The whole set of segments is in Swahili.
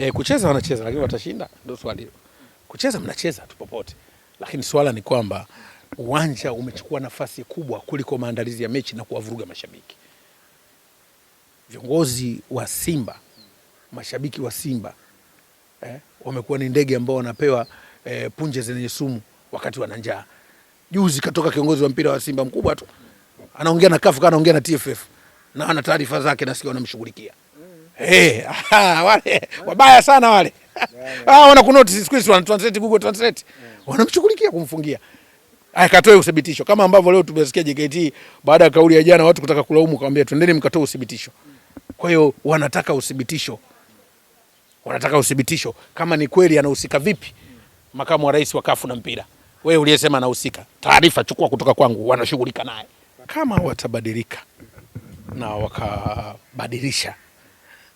E, kucheza wanacheza lakini watashinda? Ndio swali Kucheza mnacheza tu popote, lakini swala ni kwamba uwanja umechukua nafasi kubwa kuliko maandalizi ya mechi na kuwavuruga mashabiki. Viongozi wa Simba, mashabiki wa Simba eh, wamekuwa ni ndege ambao wanapewa eh, punje zenye sumu wakati wana njaa. Juzi katoka kiongozi wa mpira wa Simba mkubwa tu anaongea na CAF, anaongea na TFF na ana taarifa zake, na wanamshughulikia anamshughulikia Eh, wabaya sana wale ah, wana kunoti siku hizi wana translate Google Translate eh. wanamshughulikia kumfungia akatoe uthibitisho kama ambavyo leo tumesikia JKT baada ya kauli ya jana watu kutaka kulaumu, twendeni mkatoe uthibitisho. Kwa hiyo wanataka uthibitisho, wanataka uthibitisho kama ni kweli anahusika. Vipi makamu wa rais wa kafu na mpira, wewe uliyesema anahusika, taarifa chukua kutoka kwangu, wanashughulika naye. Kama watabadilika na wakabadilisha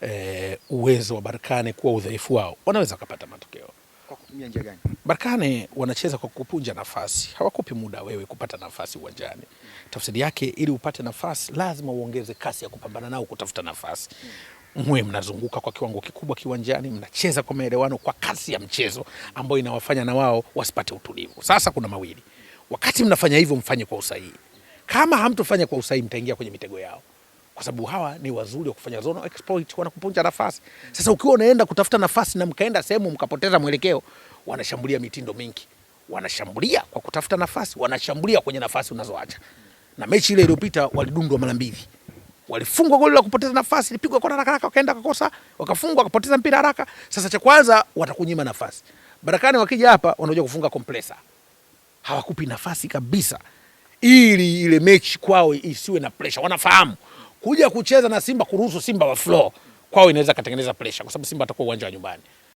e, uwezo wa barkane kuwa udhaifu wao, wanaweza wakapata matokeo. Kwa kutumia njia gani? wanacheza kwa kupunja nafasi, hawakupi muda wewe kupata nafasi uwanjani. Tafsiri yake ili upate nafasi lazima uongeze kasi ya kupambana nao kutafuta nafasi. mwe mnazunguka kwa kiwango kikubwa kiwanjani, mnacheza kwa maelewano, kwa kasi ya mchezo ambayo inawafanya na wao wasipate utulivu. Sasa kuna mawili, wakati mnafanya hivyo, mfanye kwa usahihi. Kama hamtofanya kwa usahihi, mtaingia kwenye mitego yao kwa sababu hawa ni wazuri wa kufanya zone exploit, wanakuponja nafasi. Sasa ukiwa unaenda kutafuta nafasi na mkaenda sehemu mkapoteza mwelekeo, wanashambulia mitindo mingi, wanashambulia kwa kutafuta nafasi, wanashambulia kwenye nafasi unazoacha. Na mechi ile iliyopita walidundwa mara mbili, walifungwa goli la kupoteza nafasi, lipigwa kwa haraka haraka, wakaenda kakosa, wakafungwa, wakapoteza mpira haraka. Sasa cha kwanza watakunyima nafasi. Barakani wakija hapa wanakuja kufunga kompresa, hawakupi nafasi kabisa, ili ile mechi kwao isiwe na pressure, wanafahamu kuja kucheza na Simba, kuruhusu Simba wa flow kwao inaweza katengeneza pressure, kwa sababu Simba atakuwa uwanja wa nyumbani.